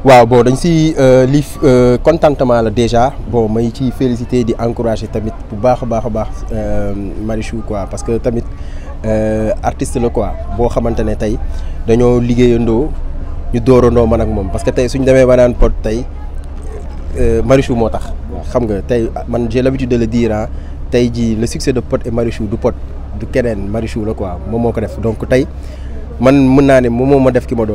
waaw bon dañ si euh, euh, contentement là déjà bon may ci féliciter di encourager tamit bu pour baax euh, Marichou quoi parce que tamit artiste le, quoi bon ne ont pas ñu man parce que Marichou j'ai l'habitude de le dire hein.. le succès de Pod et Marichou du Pod du Karen Marichou la quoi moom donc je man mën ma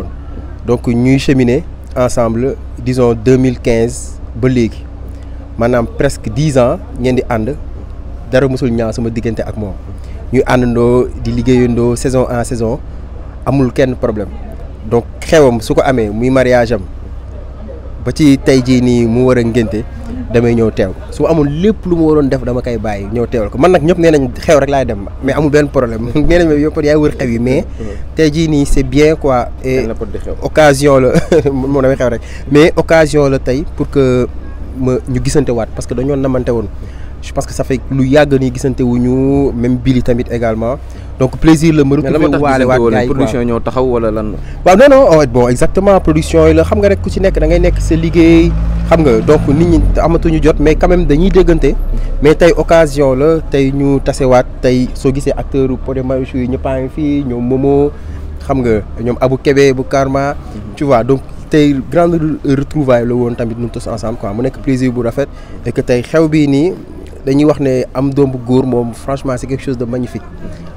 donc cheminer ensemble disons 2015 ba maintenant presque 10 ans nous di en dara nous sommes sama diggante ak Nous ñuy àndandoo saison en saison amul problème donc xewam nous sommes mariage ba ci tey jii nii mu war a ngénte damay ñëw teew su amul lépp lu mu waroon def dama koy bàyyi ñëw teewal ko man nag ñëpp nee nañ xew rek laay dem mais amul benn problème nee nañ ma yëpp yaay wër xew yi mais mm-hmm. tey jii nii c'est bien quoi et occasion la moo damay xew rek mais occasion la tey pour que ma ñu gisante waat parce que dañoo namante woon je pense que ça fait lu yagne nii gisante wuñu même Billy tamit également donc plaisir le ma retrouver waale waat gars production ñoo taxaw wala lan non non bon exactement production le la xam nga rek ku ci nek da ngay nek sa liguey xam nga donc nit ñi amatuñu jot mais quand même dañuy déggante mais tay occasion la tay ñu wat tay so gisee acteur u Pod et yi ñëppaa ngi fii ñoom Momo xam nga ñom Abou Kébé bu Karma tu vois donc tay grande retrouvaille le won tamit ñu tous ensemble quoi mu nek plaisir bu rafet et que tay xew bi ni dañuy wax ne am doom bu góor moom franchement c'est quelque chose de magnifique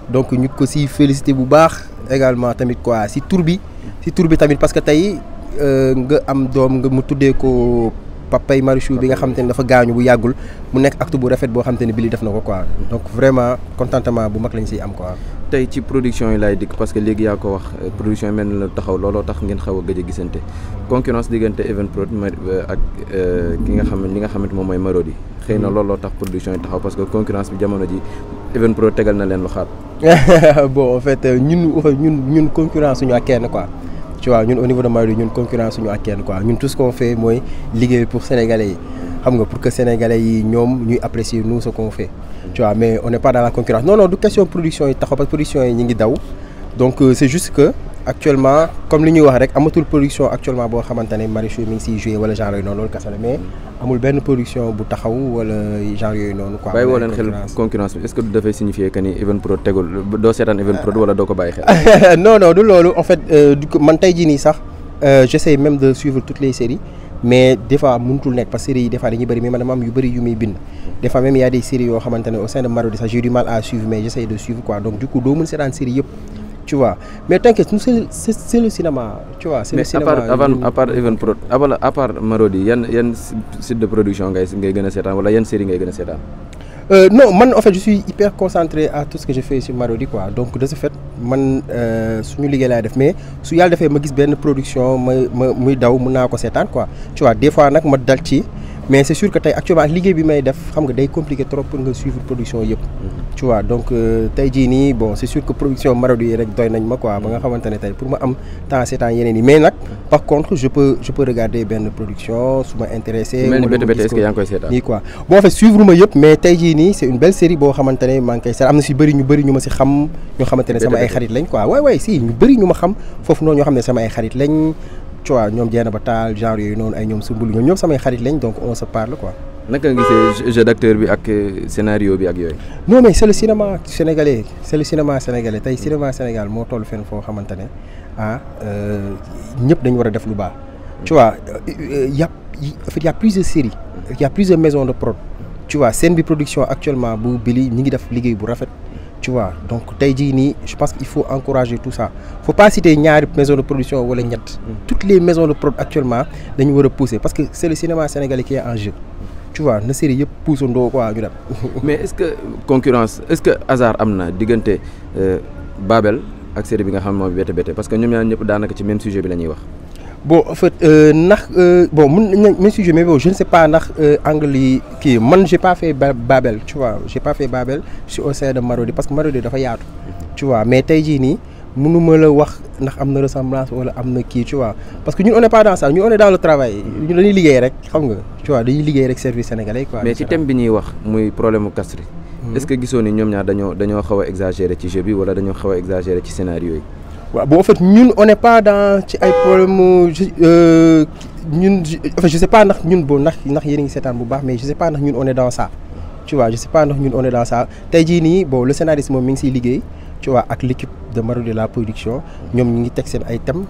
donc ñu ko si félicité bu baax également tamit quoi si tourbi, bi si tur bi tamit parce que tey euh, nga am doom nga mu tuddee ko papay Marichou bi nga xam te ne dafa gaañu bu yàggul mu nekk acte bu rafet boo xam te ne Billy def na ko quoi donc vraiment contentement bu mag lañ siy am quoi tay ci production yi dik parce que légui yaa ko wax euh, production yi mel na taxaw lolo tax ngeen xaw a gisenté a gisante concurrence diggante Evenprod euh, ak euh, ki nga xamné li nga xamné mom moy Marodi xeyna hmm. lolo tax production taxaw parce que concurrence bi jamono ji Evenprod tégal na leen lu xaar bon en fait ñun ñun ñun concurrence suñu ak kenn quoi tu vois ñun au niveau de Marodi ñun concurrence suñu ak kenn quoi ñun tout ce qu'on fait moy liggéey pour sénégalais yi xam nga pour que sénégalais yi ñom ñuy apprécier nous ce qu'on fait tu vois mais on n'est pas dans la concurrence non non du question production n'y a pas de production yi ngi daw donc euh, c'est juste que actuellement comme li ñuy wax rek amatul production actuellement boo xamante ne maraîchers mi ngi jouent, joué wala genre non, noonu loolu kese la mais amul benn production bu taxaw wala genre yooyu noonu. quoi bàyyi concurrence est-ce que devez signifier que Even Pro, tegul doo seetaan Evenprod wala doo ko bàyyi non non du en fait euh, du man tey jii nii sax euh, j'essaie même de suivre toutes les séries mais des fois mënutul nek parce que des fois dañuy bari mais man am yu bari yu muy bind des fois même il y a des séries yo xamante au sein de Marodi ça j'ai du mal à suivre mais j'essaie de suivre quoi donc du coup doo mën seetaan série yépp tu vois mais t'inquiète c'est c'est le cinéma tu vois c'est le cinéma mais à part à part Even pro à part ah, à part Marodi yenn site de production ngay ngay gëna sétane wala yenn série ngay gëna sétane euh, non, man, en fait, je suis hyper concentré à tout ce que je fais sur Marodi, quoi. Donc, de ce fait, man, euh, je suis là, mais si je fais une production, je suis en je de faire quoi. Tu vois, des fois, je suis là, mais c'est sûr que tay actuellement ak bi may def xam nga day compliqué trop pour nga suivre production yépp mhm. tu vois donc euh, tey jii nii bon c'est sûr que production maradu yi rek doy nañ ma quoi ba nga xamante tay pour ma am temps seetaan yeneen yi mais nak par contre je peux je peux regarder ben production suma intéressé. mais le bette est-ce que yang koy sétal ni quoi. bon en fait suivre ma yépp mais tey jii nii c'est une belle série bo xamante ne maa ngi koy seet am na ñu bëri ñuma ci xam. ñu xamante sama ay xarit lañ quoi ouais ouais si ñu bëri ñuma xam fofu non ñoo xamné sama ay xarit lañ tu vois ñom jeena ba taal genre yooyu non ay ñom sumbul ñoom ñom samay xarit lañ donc on se parle quoi. naka nga gisee jeu d'acteur bi ak euh, scénario bi ak yoy non mais c'est le cinéma sénégalais c'est le cinéma sénégalais tay cinéma Sénégal mo toll fen fo xamante ne ah euh, ñëpp dañu war a def lu baax. tu vois euh, y a il y a plusieurs séries. il y a plusieurs maisons de prod. tu vois scène bi production actuellement bu Billy ñi ngi def liggéey bu rafet donc je pense qu'il faut encourager tout ça Il ne faut pas citer les maison de production hmm. toutes les maisons de production actuellement dañu war parce que c'est le cinéma sénégalais qui est en jeu tu vois ne série yëpp quoi mais est-ce que concurrence est-ce que hasard Amna, diganté euh, Babel ak série bi nga xam bété bété parce que ñom ñaar ñëpp le même sujet bon en fait euh, euh, bon même si je me je ne sais pas ndax euh, angle yi kii man j'ai pas fait Babel tu vois j'ai pas fait Babel sur au sein de Marodi parce que Marodi dafa yaatu. tu vois mais tey jii nii mënuma la wax ndax am na ressemblance wala am na tu vois parce que nous on est pas dans ça nous on est dans le travail ñu dañuy liggéey rek xam nga tu vois dañuy liggéey rek service sénégalais quoi. mais si thème bi ñuy wax muy problème mu Kassri. Mhm. est-ce que gisoo ni ñoom ñaar dañoo dañoo xaw a exagéré ci jeu bi wala dañoo xaw a exagéré ci scénario yi voilà bon en fait nous on n'est pas dans ci ay problème euh ñun je sais pas si ñun bon nak nak yéen ngi bu baax mais je sais pas nak ñun on est dans ça. tu vois je sais pas nak ñun on est dans ça tay ji bon le scénariste Mo mi ngi ci tu vois ak de Marou de la production ñom ñi ngi tek sen ay thèmes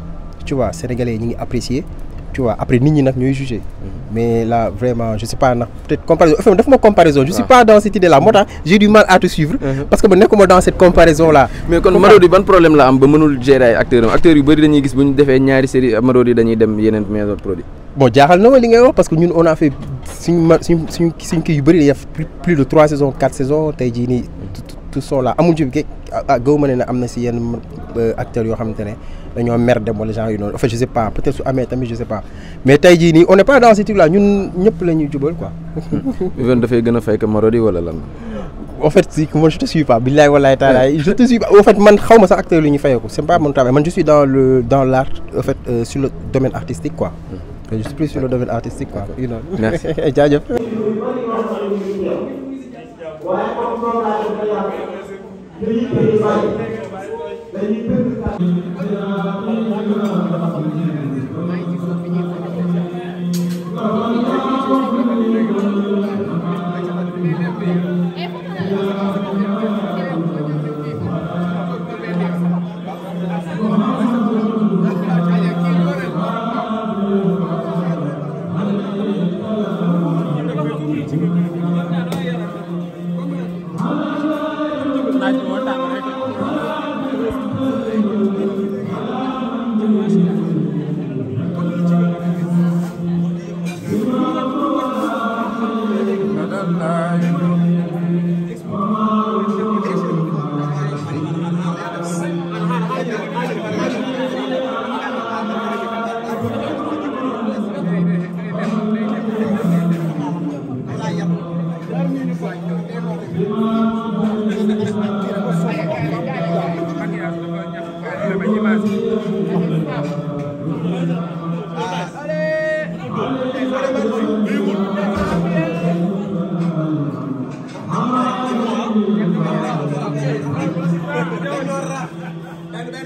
tu vois sénégalais ñi ngi apprécier tu vois après nous ñi nag jugé mhm. mais là vraiment je sais pas peut-être comparaison enfin def comparaison je suis pas dans cette idée là moo j'ai du mal à te suivre mhm. parce que ba comment dans cette comparaison là mais kon Marodi ban problème la am ba mënul gérer acteur acteur yu bëri dañuy gis bu ñu defee ñaari série Marodi dañuy dem yeneen maison de produit bon jaxal na ma li ngay wax parce que ñun on a fait suñu suñu suñu ki yu bëri plus de trois saisons quatre saisons tay ji ni tout cela là amul ci ah, ah, gëw ma ne ne am na si yenn euh, acteurs yo xamantene ne merde mer dem wala genre yu enfin je sais pas peut-être su amee tamit je sais pas mais tey jii on n'est pas dans ce truc là ñun ñep la ñuy jubal quoi. Viviane da fay gëna fay comme Marodi wala lan. en fait si moi je te suis pas billahi wallahi taala je te suis pas en fait man xawma sa acteur lu ñu fayeku c'est pas mon travail man je suis dans le dans l'art en fait euh, sur le domaine artistique quoi. Hmm. je suis plus sur le domaine artistique quoi. you know. merci jaajëf. waaye comme noonu laa ko dañuy dañuy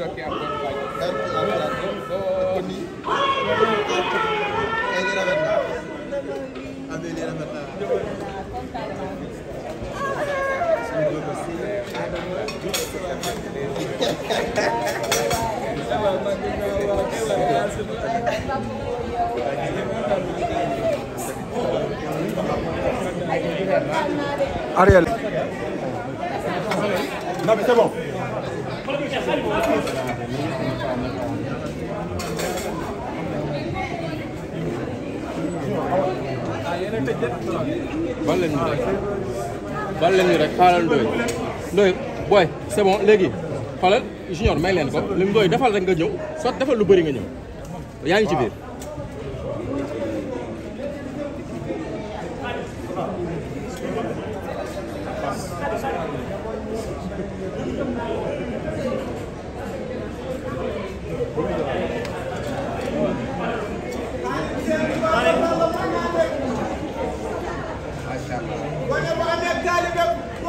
a Ariel. Non mais c'est bon. bal lañu rek bal lañu rek xaaral Ndoye Ndoye booy junior may leen ko li mu Ndoye defal rek nga ñëw soit defal lu bari nga ñëw yaa ngi ci biir. wala bu amee taalibe bu